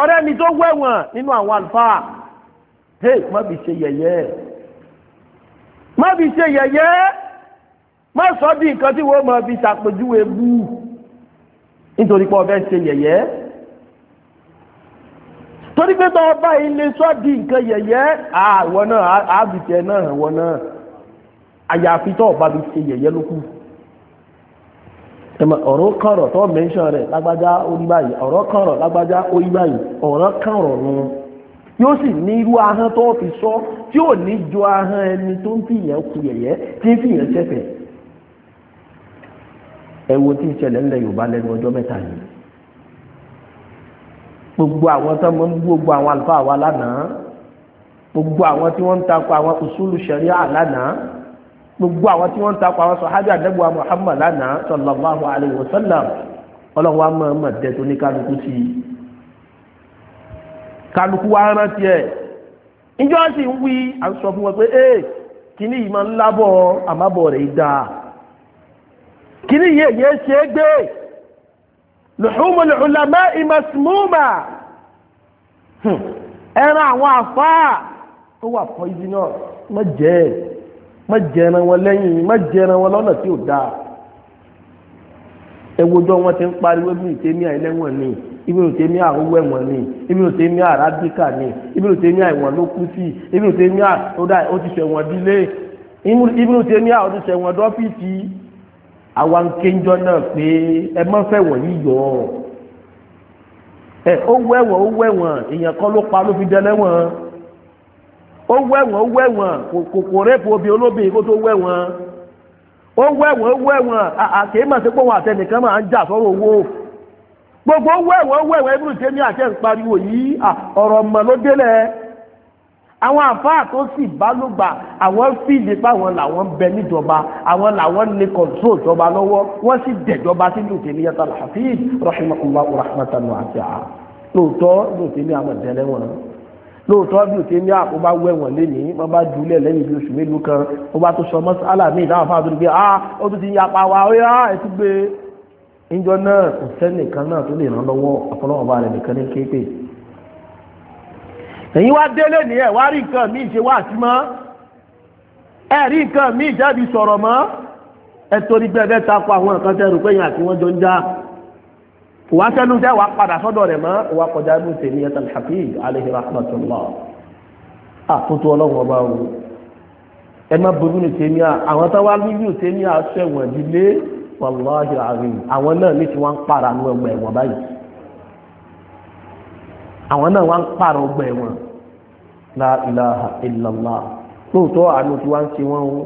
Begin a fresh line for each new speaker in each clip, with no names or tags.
ọ̀rẹ́ mi tó wẹ̀wọ̀n nínú àwọn àlùfáà hey má fi ṣe yẹ̀yẹ́ má fi ṣe yẹ̀yẹ́ má sọ bí nǹkan tí wọ́n máa fi ṣàpèjúwe bú nítorí pé ọbẹ̀ ṣe yẹ̀yẹ́ torí pé tọ́ ọba ilé sọ́ di nǹkan yẹ̀yẹ́ àwọn náà àbìtẹ̀ náà àwọn náà àyàfi tọ́ ọba fi ṣe yẹ̀yẹ́ lókù. ọ̀rọ̀ kọ̀rọ̀ tó mẹ́ṣọ́ rẹ̀ lágbájá orí báyìí ọ̀rọ̀ kọ̀rọ̀ lágbájá orí báyìí ọ̀rọ̀ kọ̀rọ̀ nù yóò sì ní irú ahọ́n tó fi sọ tí ò ní jọ ahọ́n ẹni tó ń fìyàn ku yẹ̀yẹ́ tí ń fìyàn ṣẹ̀fẹ̀ ẹ wo tí ìṣẹ̀lẹ̀ ńlẹ̀ Yorùbá lẹ́nu ọjọ́ mẹ́ta yìí gbogbo gbogbo àwọn àlùfáà wa lánàá gbogbo àwọn tí wọ́n ń àwọn òṣùlù ṣẹ̀ríà lánàá gbogbo àwọn tí wọ́n ta kọ àwọn sọ̀hábí àdẹ́gbò Muhammad lánàá sallallahu alaihi wasallam ọlọ́wọ́ a máa mọ̀ tẹ́ tó ní kálukú sí i kálukú wa rántí ẹ̀ ìjọ sì ń wí à ń sọ ee kíní yìí máa ń lábọ̀ àmábọ̀ rẹ̀ dáa kíní yìí èyí ṣe é gbé luhumul ulama'i masmuma ẹran àwọn àfáà tó wà má jẹran wọn lẹ́yìn má jẹran wọn lọ́nà tí ò dáa ẹwọ́jọ́ wọn ti ń pariwo bí ìtẹ́mí àìlẹ́wọ̀n ni ibi ò tẹ́mí àwọ̀ ẹ̀wọ̀n ni ibi ò tẹ́mí àràbíkà ni ibi ò tẹ́mí àìwọ̀n ló kú sí ibi ò tẹ́mí àtọ́dá ó ti ṣẹ̀wọ̀n dílé ibi ò tẹ́mí àwọn ti ṣẹ̀wọ̀n dọ́fíìsì àwa ń kéjọ náà pé ẹ má fẹ̀wọ̀n yìí yọ ẹ ó wẹ̀wọ̀n ó wẹ̀wọ̀n èèyàn kan ló pa ló fi dẹ́lẹ́wọ̀n ó wẹ̀wọ̀n ó wẹ̀wọ̀n kò kò rẹ́pù obì olóbì kó tó wẹ̀wọ̀n ó wẹ̀wọ̀n ó wẹ̀wọ̀n àkéémọ̀ sí pé òun àtẹnìkan máa ń jà sọ́rọ̀ owó gbogbo ó wẹ̀wọ̀n ó wẹ̀wọ̀n ibùdó tẹ́ ní àtẹ̀ ń pariwo yìí ọ̀rọ̀ mọ̀ ló délẹ̀ àwọn àfáà tó sì bá ló gbà àwọn fíìlì páwọn làwọn bẹ níjọba àwọn làwọn ní kọ̀ǹtró ìjọba lọ́wọ́ wọ́n sì dẹ̀jọba sínú tèmi yàtọ̀ al-Hafiz rahimahullah rahmatan wasi'a lóòótọ́ lóòótọ́ ní àwọn ìdẹ́lẹ́wọ̀n lóòótọ́ bí òtí ní àpò bá wẹ̀wọ̀n lénìí wọ́n bá dúlẹ̀ lẹ́yìn ibi oṣù mélòó kan wọ́n bá tó sọ mọ́ aláàmì ìdáhùn fáwọn tó ní pé ah ó tún ti yapa wa ó yá ẹ tún gbé ìjọ e. náà kò sẹ́nìkan náà tó lè ràn lọ́wọ́ àfọlọ́wọ́n bá rẹ̀ nìkan ní kéèpè. èyí wá délé ní ẹ̀ wá rí nǹkan míì ṣe wá àti mọ́ ẹ̀ rí nǹkan míì jáde sọ̀rọ̀ mọ́ ẹ̀ torí wà á sẹ́nu jẹ́ wà á padà sọ́dọ̀ rẹ̀ mọ́ wà á kọjá ibùn tèmi ẹ̀tàn hafiz alayhi rahmatullah àtúntò ọlọ́run ọba o ẹ má bo ibùn tèmi à àwọn tó wá ní ibùn tèmi à sẹ́wọ̀n ìdílé wàláhi àárín àwọn náà ní tí wọ́n para ní ọgbà ẹ̀wọ̀n báyìí àwọn náà wọ́n para ọgbà ẹ̀wọ̀n la ilaha illallah lóòótọ́ àánú tí wọ́n ń ṣe wọ́n o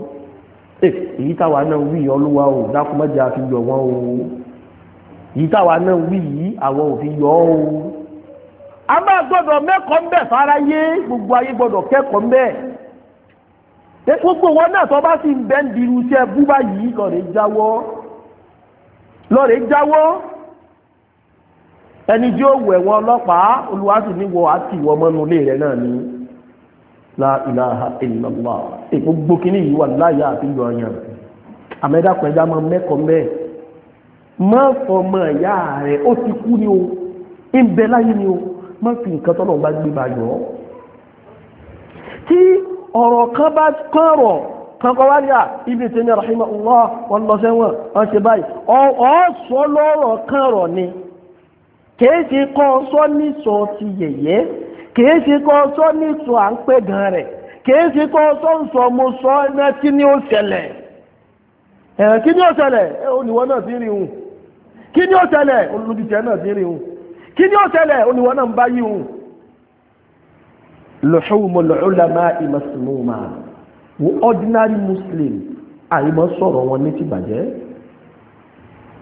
eh, èyí táwa náà wí ọlúwa o dákúmọ́jà fi yọ̀ wọ́n o yìí táwa náà wí yìí àwọn òfin yọ ọ́ o a máa gbọ́dọ̀ mẹ́kọ̀ọ́ ń bẹ̀ fáráyé gbogbo ayé gbọ́dọ̀ kẹ́kọ̀ọ́ ń bẹ̀ ẹ gbogbo wọn náà tó bá sì ń bẹ́ ń dirú iṣẹ́ bú báyìí lọ́ọ̀rẹ́ jáwọ́ lọ́ọ̀rẹ́ jáwọ́ ẹni tí ó wẹ̀ wọn ọlọ́pàá olùwàsí ni wọ àti ìwọ ọmọ ilé rẹ náà ni la ilaha illallah èkó gbókínì yìí wà láyà àti ìyọ̀ ọ̀yàn àmẹ́dàkọ̀ ẹja máa mẹ́kọ̀ọ́ mẹ́ẹ̀ má fọmọ ìyá rẹ̀ ó ti kú ni o ń bẹ láyé ni o má fi nǹkan tọ́lọ̀ bá gbé bá yọ tí ọ̀rọ̀ kan bá kọ́rọ̀ kankan wá ní à ibi tí ní rahima allah wọn lọ sẹ́wọ̀n wọn ṣe báyìí ọ̀ sọ lọ́rọ̀ kọ́rọ̀ ni kìí ṣe kọ́ sọ ní sọ ti yẹ̀yẹ́ kìí ṣe kọ́ sọ ní sọ à ń pẹ́ gan rẹ̀ kìí ṣe kọ́ sọ ń sọ mo sọ ẹ̀ kí ni ó ṣẹlẹ̀ ẹ̀ kí ni ó ṣẹlẹ̀ ẹ̀ ó nìwọ náà ti rí hùn kí ni ó ṣẹlẹ̀ olùdíjẹ náà ti rìn o kí ni ó ṣẹlẹ̀ olùwọ́ náà ń bá yìí o luhumul ulama'i masmuma wo ordinary muslim àìmọ́ sọ̀rọ̀ wọn ní ti bàjẹ́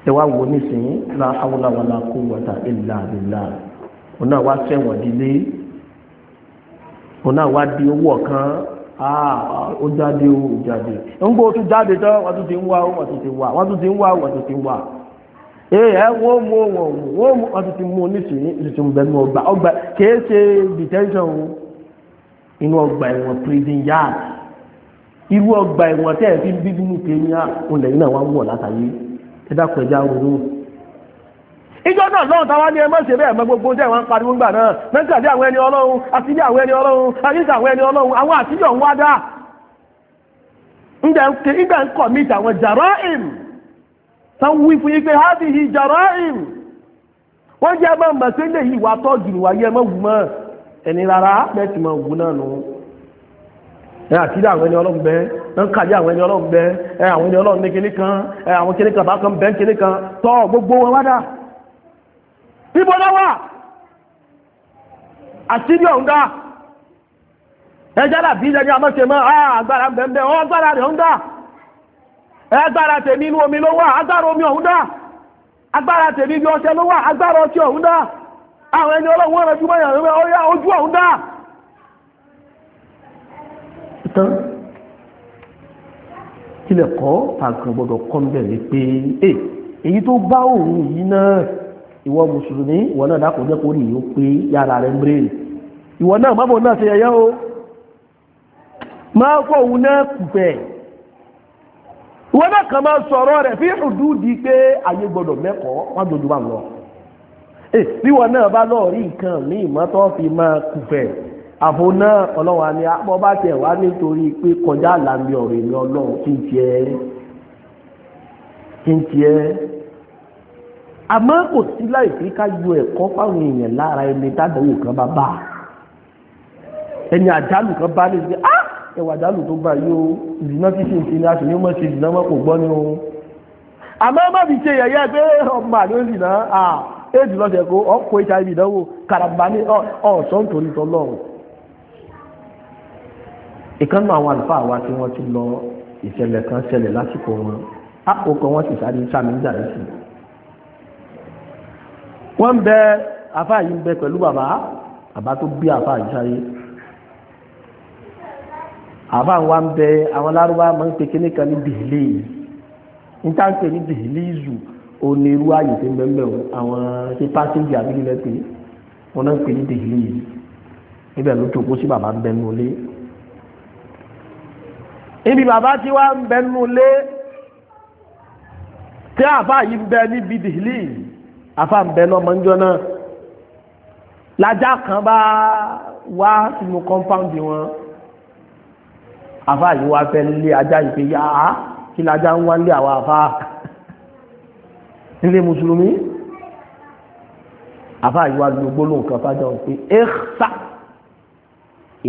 ẹ wá wo nísìnyí la hawla wala quwwata illa billah òun náà wá sẹ́wọ̀n dílé òun náà wá di owó ọ̀kan ah, ó jáde ó jáde ń gbọ́ ó jáde tán wọ́n tún ti ń wá wọ́n tún ti ń wá wọ́n tún ti ń wá wọ́n tún ti ń wá. ee eh, eh, ẹ wo mu wo wo mu ọtútù mu nísìnyí tuntun bẹ́ẹ̀ ní ọgbà ọgba kìí ṣe detention inú ọgbà ẹ̀wọ̀n prison yard irú ọgbà ẹ̀wọ̀n tẹ́ ẹ fi ní kenya olè yìí náà wà ń wọ̀ náà táwa ẹ gbogbo pariwo náà mẹ́tí àti àwọn ẹni ọlọ́run àti ilé àwọn tán wí fún yín pé hádìhì jàráìm wọ́n jẹ́ ẹmọ́ mọ̀sílẹ̀ yìí wà tọ́jú wáyé ẹmọ́ wù mọ́ ẹni rárá bẹ́ẹ̀ ti mọ̀ wù náà nù ẹ àti àwọn ẹni ọlọ́run bẹ́ẹ̀ ń kàyé àwọn ẹni ọlọ́run bẹ́ẹ̀ ẹ àwọn ẹni ọlọ́run ní kinní kan ẹ àwọn kinní kan bá kan bẹ́ẹ̀ kinní kan tọ́ gbogbo wọn wá dà bíbọ́ náà wà àṣírí ọ̀hún dà ẹjẹ́ làbí ẹni àmọ́ṣe mọ́ àgbára bẹ́ẹ̀ bẹ́ẹ̀ ọ agbára tèmi inú omi ló wà agbára omi ọ̀hún dá agbára tèmi ibi ọṣẹ ló wà agbára ọṣẹ ọ̀hún dá àwọn ẹni ọlọ́run wọ́n rẹjú mọ́yàn rẹ ọyá ojú ọ̀hún dá tán kílẹ̀ kọ́ tàǹkan gbọ́dọ̀ kọ́ níbẹ̀ ní pé ẹ èyí tó bá òun yìí náà ìwọ mùsùlùmí ìwọ náà dákò jẹ́ kó rí pé yàrá rẹ̀ ń ìwọ náà mọ́bò náà ṣe yẹyẹ o máa fọ òun náà kù bẹ́ẹ̀ ìwọ náà kàn máa sọ̀rọ̀ rẹ̀ fi di pé ayé gbọ́dọ̀ mẹ́kọ̀ọ́ wọn dojú wa lọ. ẹ eh, bí wọn náà bá lọ rí nǹkan ní ìmọ́tọ́ fi máa kùfẹ̀ àfo náà ọlọ́run àni àpọ̀ ah, bá tẹ̀ wá nítorí pé kọjá kí n kí n kò ẹwà jálù tó bá yóò ìdìná tí sì ń ti ní aṣò ní mọ́ sí ìdìná mọ́ kò gbọ́ ní ohun àmọ́ má fi ṣe yẹ̀yẹ́ pé ọmọ àdó ń dìná à éèdì lọ́sẹ̀ kó ọkọ̀ hiv ìdánwò karamba ní ọ̀sán torí tọ́lọ́run ìkan náà àwọn àlùfáà wa tí wọ́n ti lọ ìṣẹ̀lẹ̀ kan ṣẹlẹ̀ lásìkò wọn àkókò wọn sì sáré sàmì ń jàre sí wọ́n bẹ àfáà yìí ń bẹ pẹ̀lú bàbá bàbá tó bí àfáà yìí sáyé àbá wa ń bẹ àwọn lárúbá máa ń pe kíní kan ní bìhìlì ní táǹpẹ̀ ní bìhìlì ìzù onírú ààyè tí ń bẹ ń bẹ àwọn ṣe pásíǹgì àbílẹ̀ pé wọn náà ń pe ní bìhìlì níbẹ̀ ló jókòó sí bàbá ń bẹ nù lé ibi bàbá tí wá ń bẹ nù lé tí àfà yìí ń bẹ níbi bìhìlì àfà ń bẹ lọ́mọ ń jọ lajá kan bá wá sínú kọ́ńpáǹdì wọn àfá yìí wá fẹ́ nílé ajá yìí pé yá á kí lajá ń wá nílé àwọn àfá nílé mùsùlùmí àfá yìí wá lu gbólóhùn kan fájọ pé ẹ̀ṣà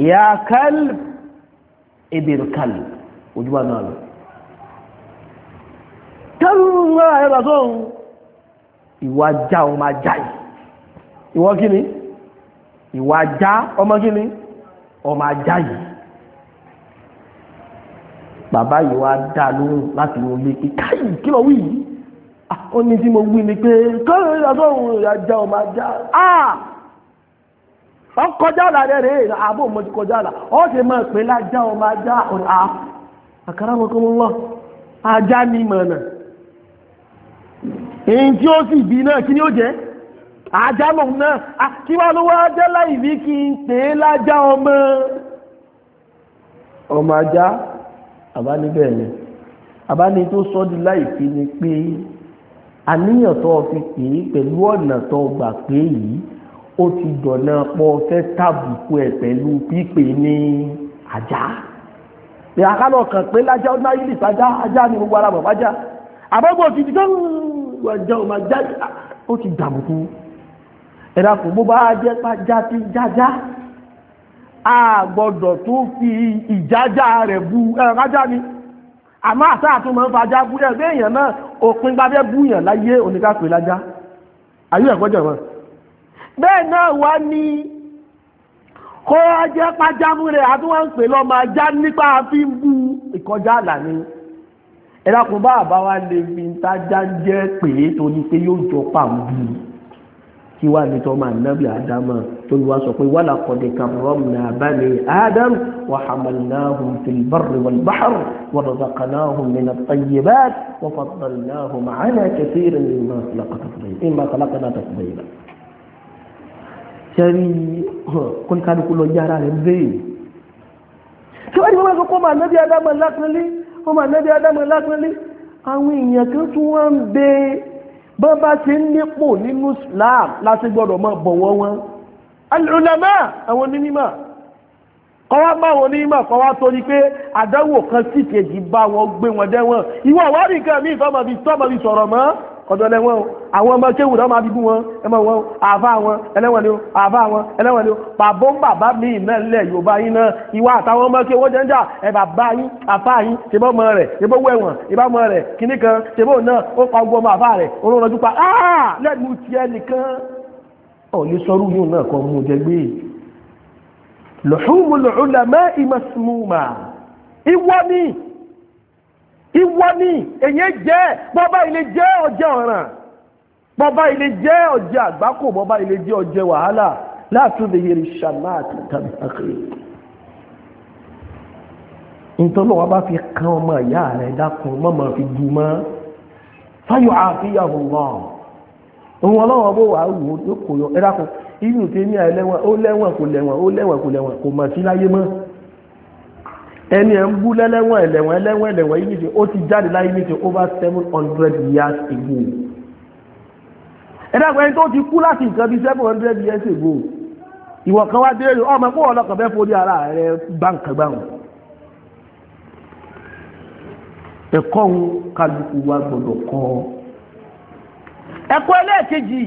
ìyá kẹ́lì ebèrè kẹ́lì ojúbà náà lọ. kẹ́lì ń wá ẹ̀rọ sọ́hun ìwà já ọmọ ajá yìí ìwọ kí ìwà já ọmọ kí ọmọ ajá yìí bàbá yìí wá dá lóhùn láti inú ilé pé káyì kí lọ wí yìí ah, ó ní tí mo wí ni pé kọ́rin ìyàtọ̀ òun ìyàjá ọmọ ajá ọ kọjá ọ̀la rẹ̀ rẹ̀ àbò mo ti kọjá ọ̀la ọ ṣe máa pè lájá ọmọ ah, ajá ọ̀la àkàrà wọn kọ́ mọ́ lọ ajá ní mọ̀nà èyí tí ó sì bí náà kí ni ó jẹ́ ajá lòun náà ah, kí wá ló wá jẹ́ láì ní kí n pè é lájá ọmọ ọmọ ajá àbá níbẹ̀ ni àbá ní tó sọ di láìpé ni pé àníyàn tó fi pè é pẹ̀lú ọ̀nà tó gbà pé yìí ó ti dọ̀nà pọ̀ fẹ́ tàbùkù ẹ̀ pẹ̀lú pípé ní ajá ní akálọ̀ kan pé lájá ó náà yìí sájá ajá ni gbogbo ara bọ̀ bá já àbọ̀gbọ̀ ti di gán ọjà ò máa já ó ti dàbùkù ẹ̀dá kò bó bá jẹ́ pá já a gbọ́dọ̀ tó fi ìjájá rẹ̀ bu ẹ̀rájá ni àmọ́ àṣà àtún máa ń fajá bú ẹgbẹ́ èèyàn náà òpin gbábẹ́ bú yàn láyé oníkàpè lájá ayé ẹ̀gbọ́jọ̀ wọn bẹ́ẹ̀ náà wá ní kó jẹ́ pàjámú rẹ̀ àtúwọ̀n pè lọ máa já nípa fi ń bú ìkọjá àlà ni ẹ̀dàkùn bá àbáwá lè fi ń tájá ń jẹ́ pèé torí pé yóò jọ pàǹbù ti wá ní tọ́ máa nábì àdámà tó wa sọ pé wàlá kọ̀dé karramna bani adam wa hamalnahum fil barri wal bahr wa razaqnahum min at-tayyibat wa faddalnahum ala kathirin mimma khalaqa mimma khalaqna tafdila. sẹ́rí kọ́ńtàdùkú lọ yára rẹ̀ bẹ́ẹ̀. kí wọ́n ti fọwọ́ sọ pé ọmọ ànábì àdámà lápẹ́lẹ́ ọmọ ànábì àdámà lápẹ́lẹ́ àwọn èèyàn kan tún wá ń bẹ́ẹ̀ bọ́n bá ti ń nípò nínú Islam láti gbọ́dọ̀ mọ́ bọ̀wọ́ wọn alùlámà àwọn onímọ̀ kọ́wá bá wọn onímọ̀ kọ́wá tó ní pé àdánwò kan sí kejì bá wọn gbé wọn dẹ́wọ̀n ìwọ àwárí kan ní ìfọ́mọ̀bí sọ̀rọ̀ mọ́ ọ̀dọ̀ lẹ́wọ́n o àwọn ọmọ kéwù náà máa fi bú wọn ẹmọ wọn o wọn ẹlẹ́wọ̀n ni o àfa wọn ẹlẹ́wọ̀n ni o bàbá ń bàbá mi iná ilẹ̀ yorùbá yín náà ìwà àtàwọn ọmọ kéwù jẹ́ ń jà ẹ bàbá yín àfa yín ṣèbọ̀ ọmọ rẹ̀ ṣèbọ̀ owó ẹ̀wọ̀n ṣèbọ̀ ọmọ rẹ̀ kìnnì kan ṣèbọ̀ náà ó pa gbogbo ọmọ àfa rẹ̀ olóńgbò pa ah! lẹ́nu tiẹ̀ nìkan ọ̀lẹ́ sọ́rú yóò náà kọ́ mú jẹ gbé lùhùmù ni ìwọ ni èyí jẹ́ bọ́bá ilé jẹ́ ọjẹ́ ọ̀ràn bọ́bá ilé jẹ́ ọjẹ́ àgbákò bọ́bá ilé jẹ́ ọjẹ́ wàhálà látúndé yẹri ṣàmáàtì tàbí àkèrè ìtọ́lọ́wọ́ bá fi kan ọmọ ìyá rẹ̀ dákun mọ́mọ́ fi dù mọ́ fáyọ̀ àfihàn wọn òun ọlọ́wọ́ bó wà á wò ó kò yọ ẹ dákun inú tèmi àìlẹ́wọ̀n ó lẹ́wọ̀n kò lẹ́wọ̀n ó lẹ́wọ̀n kò lẹ́wọ̀n kò mọ̀ sí láyé mọ́ ẹni ẹ̀ ń bú lẹ́lẹ́wọ̀n ẹ̀lẹ́wọ̀n ẹlẹ́wọ̀n ẹ̀lẹ́wọ̀n yìí nìṣe ó ti jáde láyé nìṣe over seven hundred years ago ẹ̀dá àgbẹ̀yìn tó ti kú láti nǹkan bíi seven hundred years ago ìwọ̀ kan wá béèrè ọmọ ẹ̀kọ́ ọlọ́kàn fẹ́ ara rẹ báǹkà gbáhùn ẹ̀kọ́ ń kálukú wa gbọ́dọ̀ kọ́ ẹ̀kọ́ ẹlẹ́ẹ̀kejì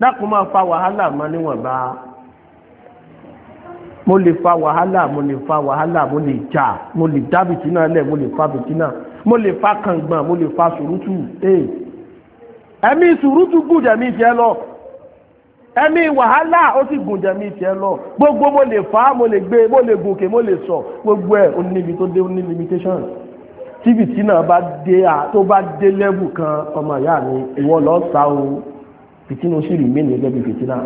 dákun máa fa wàhálà máa mo lè fa wàhálà mo lè fa wàhálà mo lè jà mo lè dá bìtínà lẹ̀ mo lè fa bìtínà mo lè fa kàngbọ̀n mo lè fa sùrùtù ẹ̀mí sùrùtù gùn jẹ̀mí tiẹ̀ lọ ẹ̀mí wàhálà ó sì gùn jẹ̀mí tiẹ̀ lọ gbogbo mo lè fa mo lè gbé mo lè gòkè mo lè sọ gbogbo ẹ̀ ó níbi tó dé ó ní limitation tí bìtínà bá dé tó bá dé lẹ́bù kan ọmọ ìyá mi ìwọ lọ́ọ́ sá o bìtínà ó sì rí mí nílẹ̀ bí bìtínà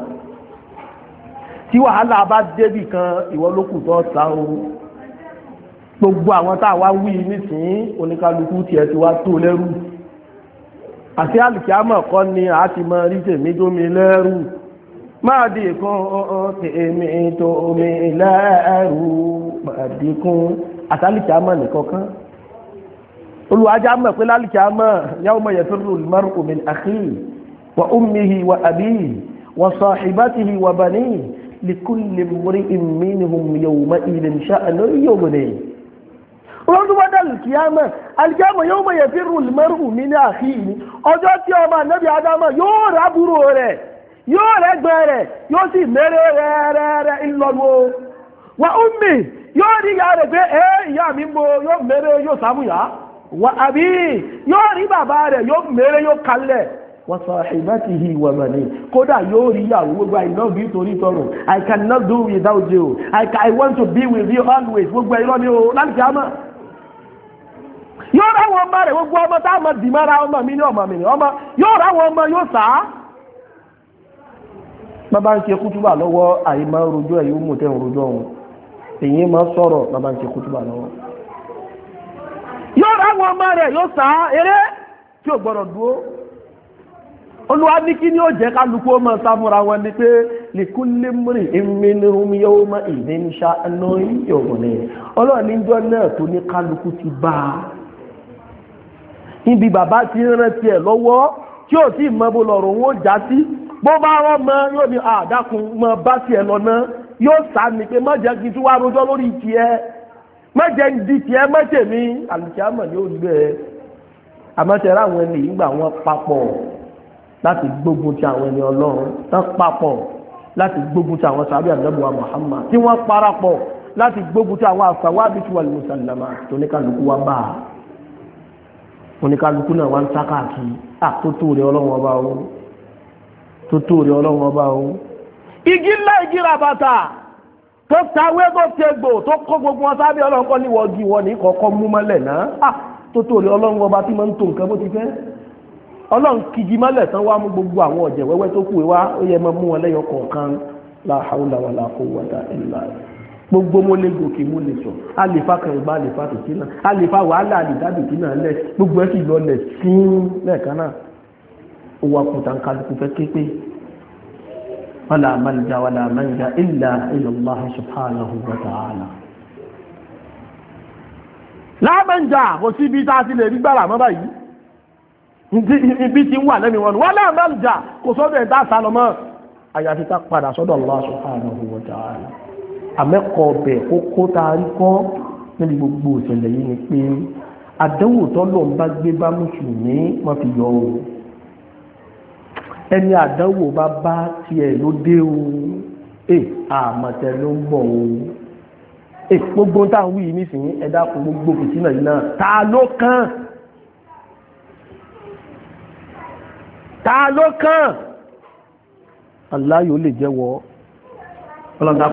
tí wàhálà bá débì kan ìwọ lókù tó sá o gbogbo àwọn tá a wá wí nísìnyí oníkálukú tiẹ̀ ti wá tó lẹ́rù àti àlùkìámọ̀ kọ́ ni a ti mọ rí tèmi dómi lẹ́rù máa dì kún tèmi tó omi lẹ́rù máa kún àtàlùkìámọ̀ nìkan kan olùwájá mọ̀ pé lálùkìámọ̀ yawma yafirru al-mar'u min akhihi wa ummihi wa abihi wa sahibatihi wa banihi likulli mri'in minhum yawma idin sha'anu yawmin rọ́dún wọ́n dàlù kíyámà alìkíyámà yawma yafirru al-mar'u min akhihi ọjọ́ tí ọmọ ànábì adámọ̀ yóò rábúrò rẹ̀ yóò rẹ́gbẹ́ rẹ̀ yóò sì mẹ́rẹ́ rẹ́rẹ́rẹ́ ńlọ́wọ́ wa ummi yóò rí ìyá rẹ̀ pé ẹ́ ìyá mi mo yóò mẹ́rẹ́ yóò sàmúyà wa abi yóò rí bàbá rẹ̀ yóò mẹ́rẹ́ yóò kalẹ̀ wasahibatihi wa kódà yóò rí ìyàwó gbogbo i love you torí tọrọ i cannot do without you i want to be with you always gbogbo irọ́ ni o láti àmà yóò ráwọn ọmọ rẹ gbogbo ọmọ tá a mọ dì mára ọmọ mi ní ọmọ mi ní ọmọ yóò ráwọn ọmọ yóò sá bàbá ń ṣe kútùbà lọ́wọ́ àyè máa olúwa ní ni ó jẹ́ kálukú ó máa sáfúnra wọn ni pé lìkúlé mìrì ìmìnirúmi yóò mọ ìdí ń ṣá ẹnu ni ọlọ́run níjọ́ náà tó ní kálukú ti bá a níbi bàbá ti ń rántí ẹ̀ lọ́wọ́ tí ò tí bó lọ́rọ̀ òun ó já sí bó mọ yóò ní mọ bá lọ yóò sá ni pé kí n tún wá rojọ́ lórí di àlùkí láti gbógun ti àwọn ẹni ọlọ́run tán papọ̀ láti gbógun ti àwọn sàbí àdàbùwà Muhammad tí wọ́n parapọ̀ láti gbógun ti àwọn àfàwábí tí wọ́n lè sàlámà tóníkàlùkù wa bá a oníkàlùkù náà wá ń sákàkì àtótó rẹ ọlọ́run ọba o tótó rẹ ọlọ́run ọba o. igi ńlá igi ràbàtà tó tawé tó tẹgbò tó kó gbogbo wọn sábẹ́ ọlọ́run kọ́ níwọ̀ọ́gì wọn ní kọ́kọ́ mú mọ́lẹ̀ náà tótó rẹ ọlọ́run ọba tí mo ń tó nǹkan bó ti fẹ́ ọlọ́run kìjì mọ́lẹ̀ tán wá mú gbogbo àwọn ọ̀jẹ̀ wẹ́wẹ́ tó kù wá ó yẹ mọ́ mú wọn lẹ́yọ kọ̀ọ̀kan la hawla wala quwwata illa gbogbo mo lè gòkè mo lè sọ a lè fa kẹrìnbá a lè fa tòkí náà a lè fa wàhálà a lè dábì kí náà lẹ gbogbo ẹ sì lọ sín lẹ́ẹ̀kan náà owó akùntà ń kálukú fẹ́ képe wàlà manja wàlà manja illa illa Allah subhanahu wa ta'ala. kò síbi tá a ti lè rí gbàrà mọ́ báyìí ibi tí ń wà lẹ́mi wọn wọ́n náà máa ń jà kò sọ́dọ̀ ẹ̀dá àsálọmọ́ àyàfi ká padà sọ́dọ̀ Allah subhanahu wa ta'ala àmẹ́kọ̀ọ́ bẹ̀ ó kó taari kọ́ níbi gbogbo ìṣẹ̀lẹ̀ yìí ni pé àdánwò tọ́lọ̀ ń bá gbé bá mùsùlùmí wọ́n fi yọ o ẹni àdánwò bá bá tiẹ̀ ló dé o ẹ àmọ̀tẹ ló ń bọ̀ o ẹ gbogbo táwọn wí nísìnyí ẹ dákun gbogbo fìtínà yìí náà ta ló kàn ta ló kàn aláyò lè jẹ́wọ́ ọlọ́dà